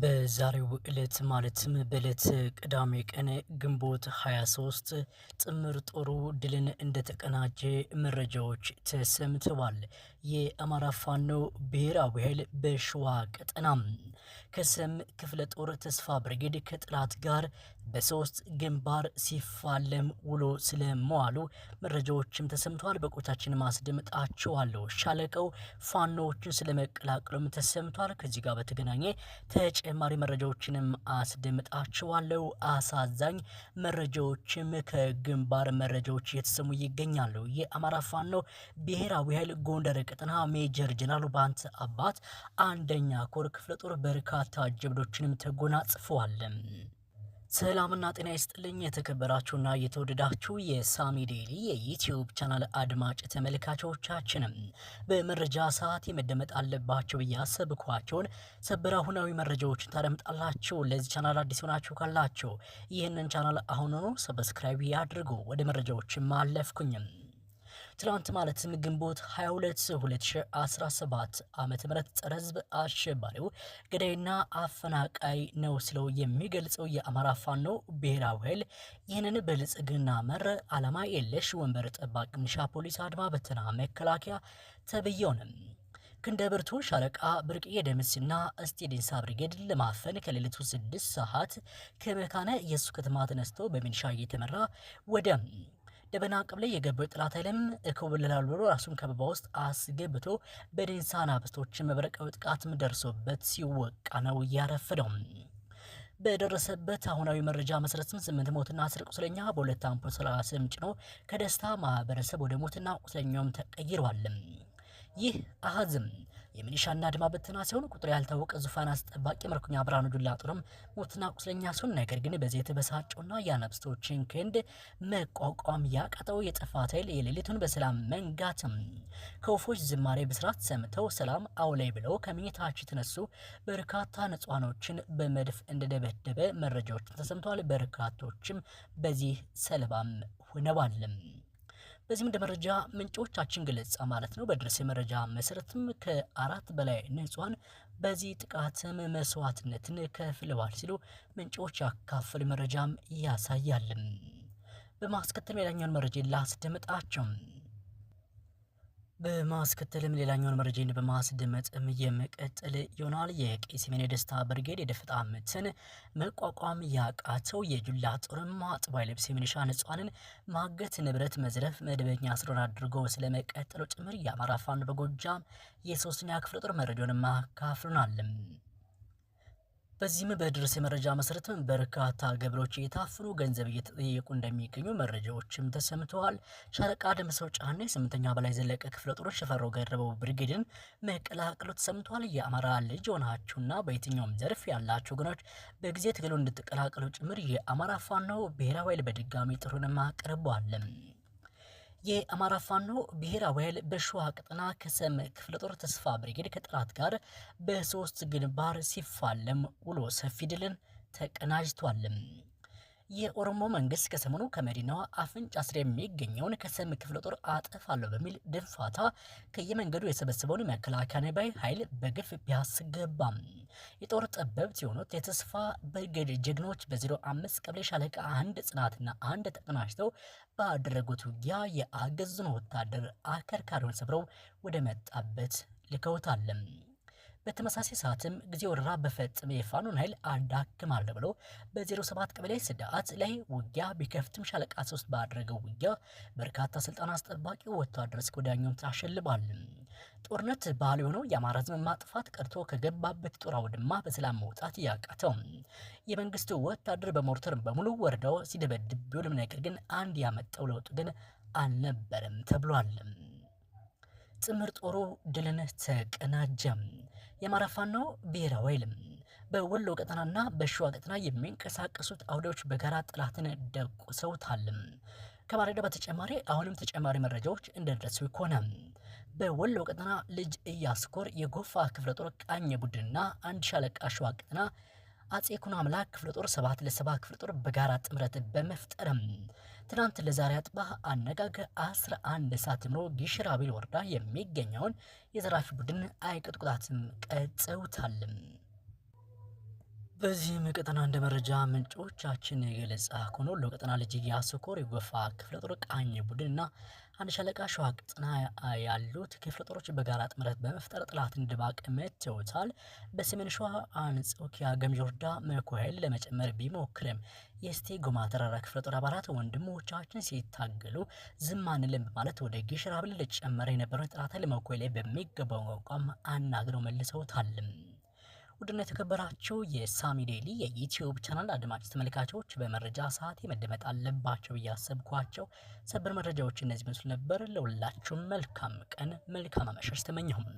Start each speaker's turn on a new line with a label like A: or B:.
A: በዛሬው ዕለት ማለትም በዕለት ቅዳሜ ቀን ግንቦት 23 ጥምር ጦሩ ድልን እንደተቀናጀ መረጃዎች ተሰምተዋል። የአማራ ፋኖ ብሔራዊ ኃይል በሸዋ ቀጠና ከሰም ክፍለ ጦር ተስፋ ብርጌድ ከጥላት ጋር በሶስት ግንባር ሲፋለም ውሎ ስለመዋሉ መረጃዎችም ተሰምተዋል። በቆይታችን ማስደምጣቸዋለሁ። ሻለቀው ፋኖዎችን ስለመቀላቀሉም ተሰምቷል። ከዚህ ጋር በተገናኘ ተጨማሪ መረጃዎችንም አስደምጣቸዋለሁ። አሳዛኝ መረጃዎችም ከግንባር መረጃዎች እየተሰሙ ይገኛሉ። የአማራ ፋኖ ብሔራዊ ኃይል ጎንደር ቀጠና ሜጀር ጀነራል ባንት አባት አንደኛ ኮር ክፍለ ጦር በር በርካታ ጀብዶችንም ተጎናጽፈዋል። ሰላምና ጤና ይስጥልኝ የተከበራችሁና የተወደዳችሁ የሳሚ ዴሊ የዩትዩብ ቻናል አድማጭ ተመልካቾቻችንም በመረጃ ሰዓት የመደመጥ አለባቸው እያሰብኳቸውን ሰበር አሁናዊ መረጃዎችን ታደምጣላችሁ። ለዚህ ቻናል አዲስ ሆናችሁ ካላችሁ ይህንን ቻናል አሁኑኑ ሰብስክራይብ ያድርጉ። ወደ መረጃዎችም አለፍኩኝም ትናንት ማለትም ግንቦት 22 2017 ዓ ም ጸረ ህዝብ አሸባሪው ገዳይና አፈናቃይ ነው ስለው የሚገልጸው የአማራ ፋኖ ብሔራዊ ኃይል ይህንን ብልጽግና መር ዓላማ የለሽ ወንበር ጠባቅ ሚሊሻ ፖሊስ አድማ በተና መከላከያ ተብየውንም ክንደ ብርቱ ሻለቃ ብርቅዬ ደምስና እስቴዲንሳ ብሪጌድ ለማፈን ከሌሊቱ ስድስት ሰዓት ከመካነ ኢየሱስ ከተማ ተነስቶ በሚንሻ እየተመራ ወደ አቅም ላይ የገባው የጠላት ኃይልም እኮብልላል ብሎ ራሱን ከበባ ውስጥ አስገብቶ በዴንሳ ናብስቶች መብረቃዊ ጥቃትም ደርሶበት ሲወቃ ነው ያረፈደው። በደረሰበት አሁናዊ መረጃ መሰረትም ስምንት ሞትና አስር ቁስለኛ በሁለት አምፖል ስም ጭኖ ከደስታ ማህበረሰብ ወደ ሞትና ቁስለኛውም ተቀይሯል። ይህ አሃዝም የሚኒሻና አድማ በተና ሲሆን ቁጥሩ ያልታወቀ ዙፋን አስጠባቂ ምርኮኛ ብርሃኑ ጁላ ጦርም ሞትና ቁስለኛ ሲሆን፣ ነገር ግን በዚህ የተበሳጨውና የአናብስቶችን ክንድ መቋቋም ያቃተው የጥፋት ኃይል የሌሊቱን በሰላም መንጋትም ከወፎች ዝማሬ ብስራት ሰምተው ሰላም አውላይ ብለው ከመኝታቸው የተነሱ በርካታ ንጹሃኖችን በመድፍ እንደደበደበ መረጃዎችን ተሰምተዋል። በርካቶችም በዚህ ሰለባም ሆነዋል። በዚህም እንደ መረጃ ምንጮቻችን ገለጻ ማለት ነው በደረሰ መረጃ መሰረትም ከአራት በላይ ንጹሃን በዚህ ጥቃትም መስዋዕትነትን ከፍለዋል ሲሉ ምንጮች ያካፈሉ መረጃም ያሳያል። በማስከተል ሌላኛውን መረጃ ላስደምጣቸው። በማስከተልም ሌላኛውን መረጃን በማስደመጥም የምቀጥል ይሆናል። የቄስ ይሜኔ ደስታ ብርጌድ የደፈጣ ምትን መቋቋም ያቃተው የጁላ ጦርም አጥባይ ልብስ የሚሊሻ ንጹሃንን ማገት፣ ንብረት መዝረፍ መደበኛ ስራውን አድርጎ ስለመቀጠሉ ጭምር የአማራ ፋኖ በጎጃም የሶስተኛ ክፍለ ጦር መረጃውን ማካፍሉናል። በዚህም በደረሰ የመረጃ መሰረትም በርካታ ገበሬዎች እየታፈኑ ገንዘብ እየተጠየቁ እንደሚገኙ መረጃዎችም ተሰምተዋል። ሻለቃ ደምሰው ጫና የስምንተኛ በላይ ዘለቀ ክፍለ ጦሮች ሸፈሮ ገረበው ብርጌድን መቀላቀሉ ተሰምተዋል። የአማራ ልጅ ሆናችሁና በየትኛውም ዘርፍ ያላችሁ ወገኖች በጊዜ ትግሉ እንድትቀላቀሉ ጭምር የአማራ ፋኖ ብሔራዊ ኃይል በድጋሚ ጥሪውን አቅርቧል። የአማራ ፋኖ ብሔራዊ ኃይል በሸዋ ቀጠና ከሰም ክፍለ ጦር ተስፋ ብሪጌድ ከጠላት ጋር በሶስት ግንባር ሲፋለም ውሎ ሰፊ ድልን ተቀናጅቷልም። የኦሮሞ መንግስት ከሰሞኑ ከመዲናዋ አፍንጫ ስር የሚገኘውን ከሰም ክፍለ ጦር አጠፋለሁ በሚል ድንፋታ ከየመንገዱ የሰበሰበውን መከላከያ ነባይ ኃይል በግፍ ቢያስገባም የጦር ጠበብት የሆኑት የተስፋ ብርጌድ ጀግኖች በ05 ቀበሌ ሻለቃ አንድ ጽናትና አንድ ተቀናጅተው ባደረጉት ውጊያ የአገዙን ወታደር አከርካሪውን ሰብረው ወደ መጣበት ልከውታለም። በተመሳሳይ ሰዓትም ጊዜ ወረራ በፈጽመ የፋኖን ኃይል አዳክማለሁ ብሎ በ07 ቀበሌ ስዳት ላይ ውጊያ ቢከፍትም ሻለቃ ሶስት ባደረገው ውጊያ በርካታ ስልጣን አስጠባቂ ወታደር እስከ ወዲያኛውም ታሸልባል። ጦርነት ባህል የሆነው የአማራ ህዝብ ማጥፋት ቀርቶ ከገባበት ጦር አውድማ በሰላም መውጣት ያቃተው የመንግስቱ ወታደር በሞርተር በሙሉ ወረዳው ሲደበድብ ቢውልም ነገር ግን አንድ ያመጣው ለውጥ ግን አልነበረም ተብሏል። ጥምር ጦሩ ድልን ተቀናጀም። የአማራ ፋኖ ብሔራዊ ኃይል በወሎ ቀጠናና በሸዋ ቀጠና የሚንቀሳቀሱት አውዴዎች በጋራ ጠላትን ደቁሰውታል። ከማረዳ በተጨማሪ አሁንም ተጨማሪ መረጃዎች እንደደረሱ ከሆነ በወሎ ቀጠና ልጅ እያስኮር የጎፋ ክፍለ ጦር ቃኝ ቡድንና አንድ ሻለቃ ሸዋ ቀጠና አጼ ኩኖ አምላክ ክፍለ ጦር ሰባት ለሰባ ክፍለ ጦር በጋራ ጥምረት በመፍጠርም ትናንት ለዛሬ አጥባ አነጋገር 11 ሰዓት ጀምሮ ጊሽራቤል ወረዳ የሚገኘውን የዘራፊ ቡድን አይቀጡ ቅጣትም ቀጽውታልም። በዚህም ቀጠና እንደ መረጃ ምንጮቻችን የገለጸ ከሆነ ወሎ ቀጠና ልጅ ያሶኮር የጎፋ ክፍለ ጦር ቃኝ ቡድንና አንድ ሻለቃ ሸዋ ቅጥና ያሉት ክፍለ ጦሮች በጋራ ጥምረት በመፍጠር ጠላትን ድባቅ መትተውታል። በሰሜን ሸዋ አንጾኪያ ገምጆርዳ መኮይል ለመጨመር ቢሞክርም የስቴ ጎማ ተራራ ክፍለ ጦር አባላት ወንድሞቻችን ሲታገሉ ዝም አንልም በማለት ወደ ጌሽራብል ለጨመረ የነበረውን ጠላት ለመኮይል በሚገባው ቋንቋም አናግረው መልሰውታልም። ውድና የተከበራቸው የሳሚ ዴይሊ የዩቲዩብ ቻናል አድማጭ ተመልካቾች በመረጃ ሰዓት መደመጥ አለባቸው እያሰብኳቸው ሰበር መረጃዎች እነዚህ መስሉ ነበር። ለሁላችሁም መልካም ቀን መልካም አመሻሽ ተመኘሁም።